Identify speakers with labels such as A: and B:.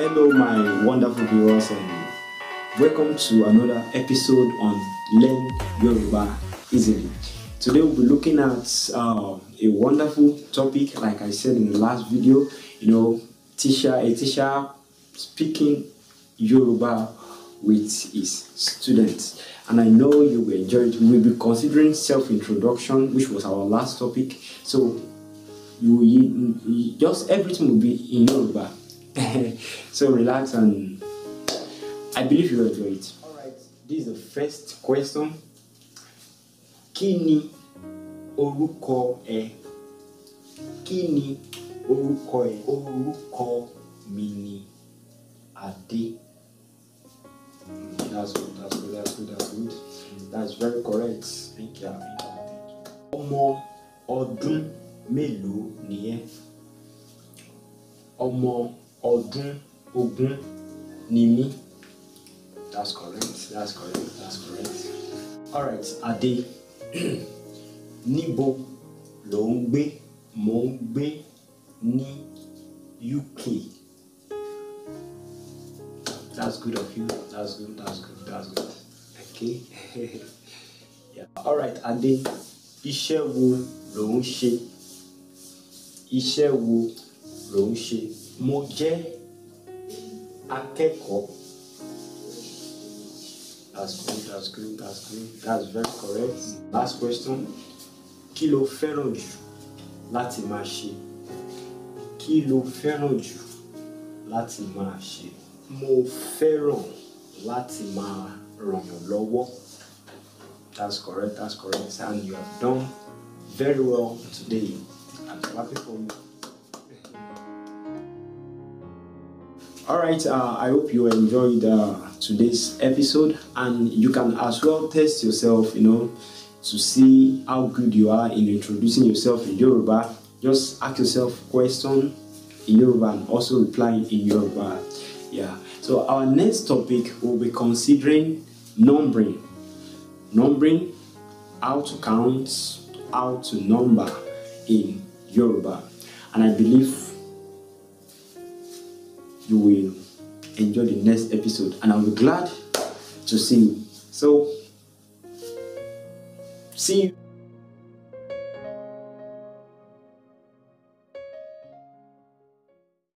A: Hello, my wonderful viewers, and welcome to another episode on Learn Yoruba Easily. Today, we'll be looking at uh, a wonderful topic, like I said in the last video. You know, teacher, a teacher speaking Yoruba with his students, and I know you will enjoy it. We'll be considering self-introduction, which was our last topic. So, you, you, you just everything will be in Yoruba so relax and I believe you will do it. Alright, this is the first question. Kini oruko e kini oruko e oruko mini Orúkọ That's good, that's good, that's good, that's good. That's very correct. Thank you, thank you, thank you. Ọmọ ọdún mélòó ni Ọmọ ọdún ogún ni mí. That's correct. That's correct. That's correct. All right, Ade. Níbo lò ń gbé? Mò ń gbé ní UK. That's good of you. That's good. That's good. That's good. Okay. yeah. All right, Ade. Iṣẹ́ wo lò ń ṣe? Iṣẹ́ wo lò ń ṣe? mo jẹ́ akẹ́kọ̀ọ́ that's good that's good that's good that's very correct last question kí lo fẹ́ràn jù láti máa ṣe kí lo fẹ́ràn jù láti máa ṣe mo fẹ́ràn láti máa ràn yàn lọ́wọ́ that's correct that's correct and you have done very well today i'm clapping for you. all right uh, i hope you enjoyed uh, today's episode and you can as well test yourself you know to see how good you are in introducing yourself in yoruba just ask yourself question in yoruba and also reply in yoruba yeah so our next topic will be considering numbering numbering how to count how to number in yoruba and i believe you will enjoy the next episode and I'll be glad to see you. So, see you.